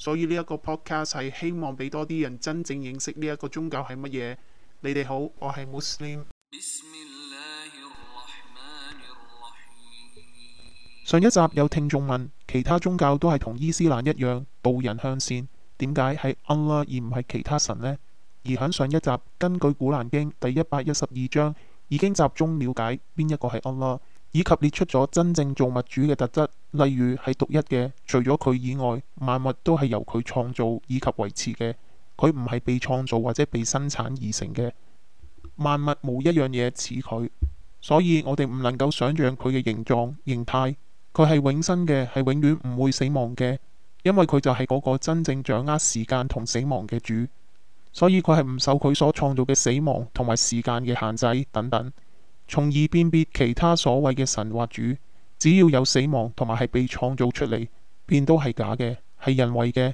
所以呢一個 podcast 係希望俾多啲人真正認識呢一個宗教係乜嘢。你哋好，我係穆斯林。上一集有聽眾問，其他宗教都係同伊斯蘭一樣，導人向善，點解係安拉而唔係其他神呢？而響上一集，根據古蘭經第一百一十二章，已經集中了解邊一個係安拉。以及列出咗真正造物主嘅特質，例如係獨一嘅，除咗佢以外，萬物都係由佢創造以及維持嘅，佢唔係被創造或者被生產而成嘅，萬物無一樣嘢似佢，所以我哋唔能夠想象佢嘅形狀、形態，佢係永生嘅，係永遠唔會死亡嘅，因為佢就係嗰個真正掌握時間同死亡嘅主，所以佢係唔受佢所創造嘅死亡同埋時間嘅限制等等。從而辨別其他所謂嘅神或主，只要有死亡同埋係被創造出嚟，便都係假嘅，係人為嘅。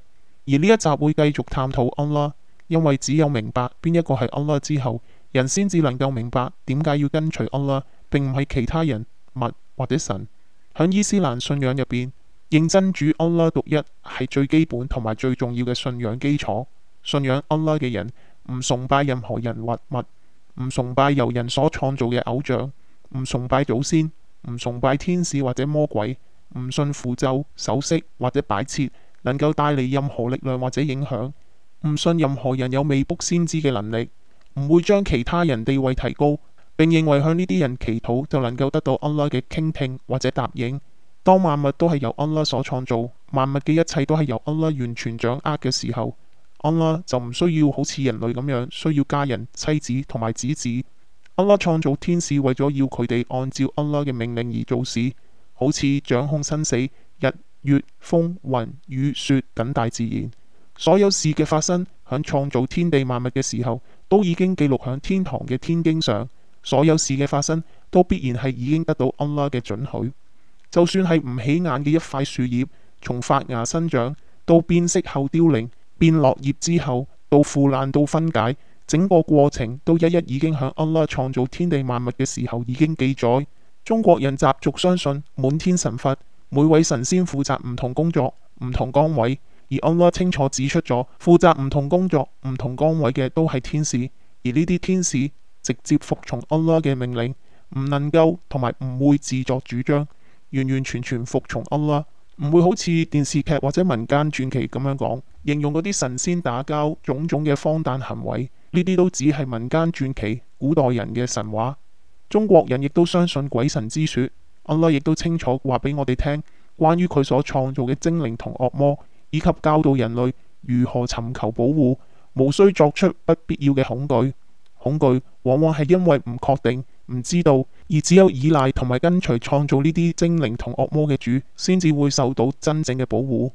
而呢一集會繼續探討安拉，因為只有明白邊一個係安拉之後，人先至能夠明白點解要跟隨安拉，並唔係其他人、物或者神。響伊斯蘭信仰入邊，認真主安拉獨一係最基本同埋最重要嘅信仰基礎。信仰安拉嘅人唔崇拜任何人或物。唔崇拜由人所創造嘅偶像，唔崇拜祖先，唔崇拜天使或者魔鬼，唔信符咒、首飾或者擺設能夠帶嚟任何力量或者影響，唔信任何人有未卜先知嘅能力，唔會將其他人地位提高，並認為向呢啲人祈禱就能夠得到安拉嘅傾聽或者答應。當萬物都係由安拉所創造，萬物嘅一切都係由安拉完全掌握嘅時候。安拉就唔需要好似人類咁樣需要家人、妻子同埋子子。安拉創造天使為咗要佢哋按照安拉嘅命令而做事，好似掌控生死、日月、風、雲、雨、雪等大自然。所有事嘅發生，響創造天地萬物嘅時候，都已經記錄響天堂嘅天經上。所有事嘅發生都必然係已經得到安拉嘅准許。就算係唔起眼嘅一塊樹葉，從發芽生長到變色後凋零。變落葉之後，到腐爛到分解，整個過程都一一已經喺安拉創造天地萬物嘅時候已經記載。中國人習俗相信滿天神佛，每位神仙負責唔同工作、唔同崗位，而安拉清楚指出咗，負責唔同工作、唔同崗位嘅都係天使，而呢啲天使直接服從安拉嘅命令，唔能夠同埋唔會自作主張，完完全全服從安拉。唔會好似電視劇或者民間傳奇咁樣講，形容嗰啲神仙打交、種種嘅荒誕行為，呢啲都只係民間傳奇、古代人嘅神話。中國人亦都相信鬼神之説，安拉亦都清楚話俾我哋聽，關於佢所創造嘅精靈同惡魔，以及教導人類如何尋求保護，無需作出不必要嘅恐懼。恐懼往往係因為唔確定。唔知道，而只有依賴同埋跟隨創造呢啲精靈同惡魔嘅主，先至會受到真正嘅保護。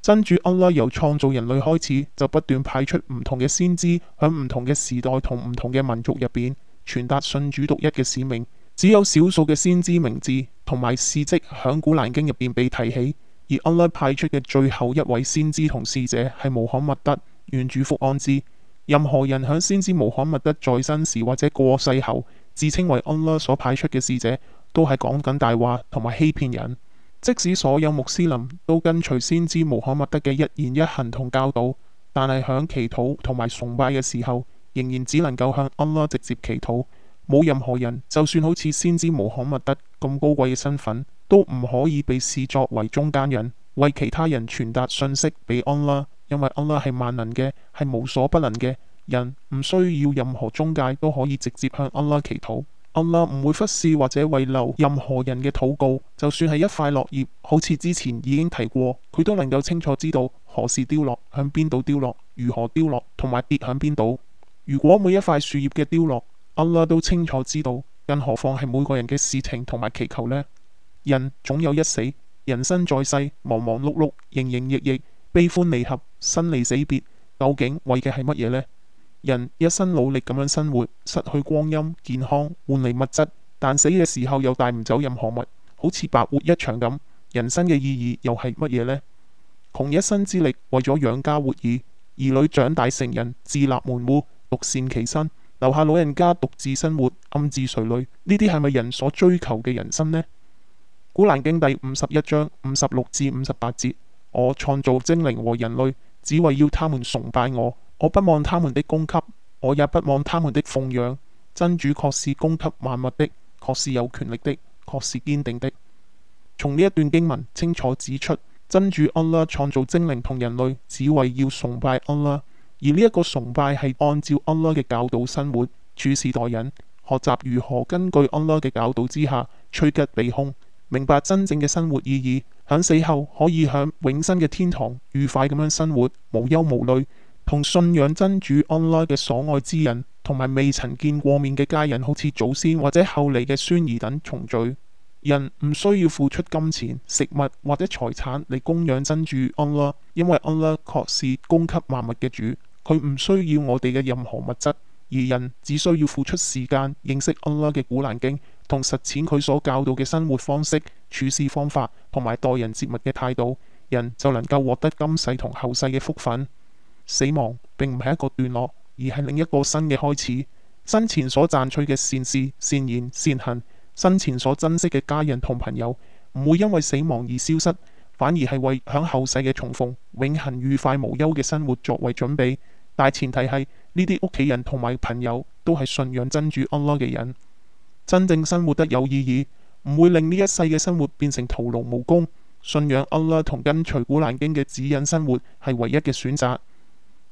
真主安拉由創造人類開始，就不斷派出唔同嘅先知，響唔同嘅時代同唔同嘅民族入邊傳達信主獨一嘅使命。只有少數嘅先知名字同埋事跡響古蘭經入邊被提起，而安拉派出嘅最後一位先知同使者係穆罕默德，願主福安之。任何人響先知穆罕默德在生時或者過世後。自稱為安拉所派出嘅使者，都係講緊大話同埋欺騙人。即使所有穆斯林都跟隨先知穆罕默德嘅一言一行同教導，但係喺祈禱同埋崇拜嘅時候，仍然只能夠向安拉直接祈禱。冇任何人，就算好似先知穆罕默德咁高貴嘅身份，都唔可以被視作為中間人，為其他人傳達訊息俾安拉，因為安拉係萬能嘅，係無所不能嘅。人唔需要任何中介都可以直接向安拉祈禱，安拉唔會忽視或者遺留任何人嘅禱告。就算係一塊落葉，好似之前已經提過，佢都能夠清楚知道何時凋落、向邊度凋落、如何凋落、同埋跌響邊度。如果每一塊樹葉嘅凋落，安拉都清楚知道，更何況係每個人嘅事情同埋祈求呢？人總有一死，人生在世，忙忙碌碌，營營役役，悲歡離合，生離死別，究竟為嘅係乜嘢呢？人一生努力咁樣生活，失去光陰、健康，換嚟物質，但死嘅時候又帶唔走任何物，好似白活一場咁。人生嘅意義又係乜嘢呢？窮一生之力，為咗養家活兒，兒女長大成人，自立門戶，獨善其身，留下老人家獨自生活，暗自垂淚。呢啲係咪人所追求嘅人生呢？古蘭經第五十一章五十六至五十八節：我創造精靈和人類，只為要他們崇拜我。我不望他們的供給，我也不望他們的奉養。真主確是供給萬物的，確是有權力的，確是堅定的。從呢一段經文清楚指出，真主安拉創造精靈同人類，只為要崇拜安拉，而呢一個崇拜係按照安拉嘅教導生活，處事待人，學習如何根據安拉嘅教導之下趨吉避凶，明白真正嘅生活意義，響死後可以響永生嘅天堂愉快咁樣生活，無憂無慮，同信仰真主安拉嘅所愛之人，同埋未曾見過面嘅家人，好似祖先或者後嚟嘅孫兒等，重聚。人唔需要付出金錢、食物或者財產嚟供養真主安拉，因為安拉確是供給萬物嘅主，佢唔需要我哋嘅任何物質，而人只需要付出時間認識安拉嘅古蘭經，同實踐佢所教導嘅生活方式、處事方法同埋待人接物嘅態度，人就能夠獲得今世同後世嘅福分。」死亡並唔係一個段落，而係另一個新嘅開始。生前所賺取嘅善事、善言、善行，生前所珍惜嘅家人同朋友，唔會因為死亡而消失，反而係為響後世嘅重逢，永恒愉快無憂嘅生活作為準備。但前提係呢啲屋企人同埋朋友都係信仰真主安拉嘅人，真正生活得有意義，唔會令呢一世嘅生活變成徒勞無功。信仰安拉同跟隨古蘭經嘅指引生活係唯一嘅選擇。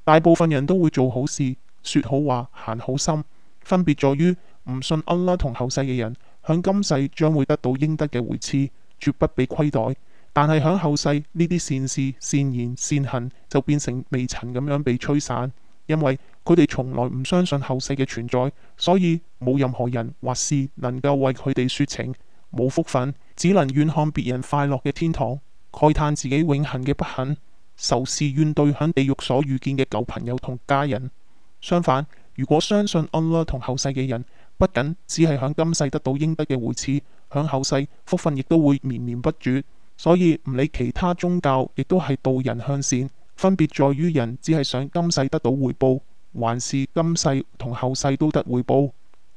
大部分人都會做好事、說好話、行好心，分別在於唔信安拉同後世嘅人，響今世將會得到應得嘅回賜，絕不被虧待。但係響後世，呢啲善事、善言、善行就變成微塵咁樣被吹散，因為佢哋從來唔相信後世嘅存在，所以冇任何人或事能夠為佢哋說情，冇福分，只能遠看別人快樂嘅天堂，慨嘆自己永恆嘅不幸。仇視怨對響地獄所遇見嘅舊朋友同家人，相反，如果相信安拉同後世嘅人，不僅只係響今世得到應得嘅回賜，響後世福分亦都會綿綿不絕。所以唔理其他宗教，亦都係導人向善，分別在於人只係想今世得到回報，還是今世同後世都得回報。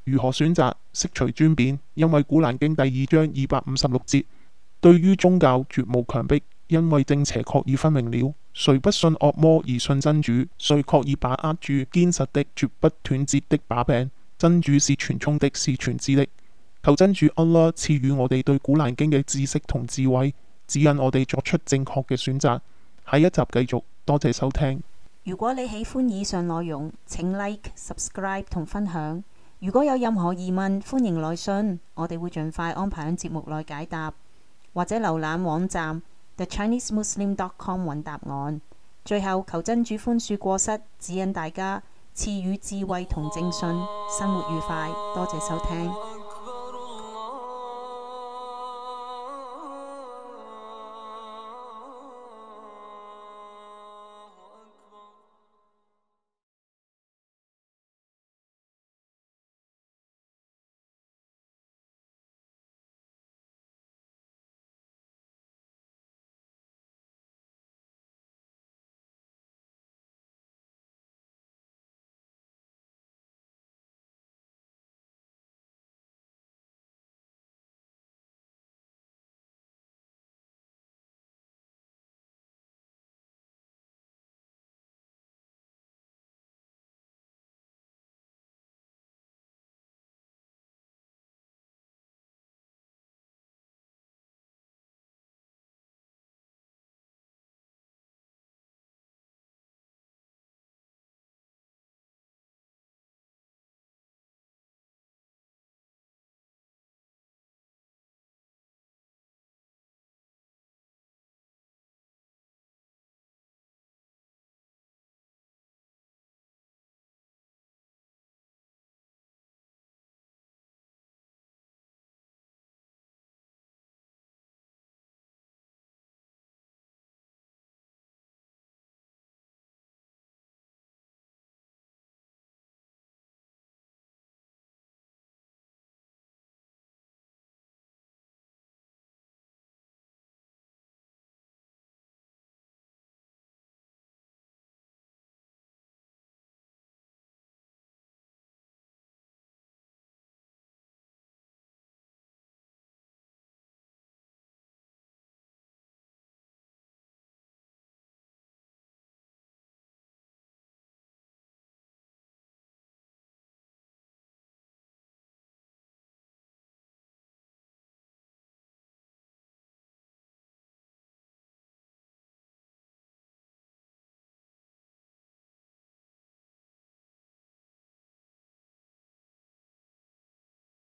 如何選擇，悉隨尊便。因為古蘭經第二章二百五十六節，對於宗教絕無強逼。因為正邪確已分明了，誰不信惡魔而信真主，誰確已把握住堅實的、絕不斷折的把柄。真主是全聰的，是全知的。求真主安拉賜予我哋對古蘭經嘅知識同智慧，指引我哋作出正確嘅選擇。下一集繼續，多謝收聽。如果你喜歡以上內容，請 like、subscribe 同分享。如果有任何疑問，歡迎來信，我哋會盡快安排喺節目內解答，或者瀏覽網，網站。The Chinese Muslim dot com 揾答案，最後求真主寬恕過失，指引大家，賜予智慧同正信，生活愉快，多謝收聽。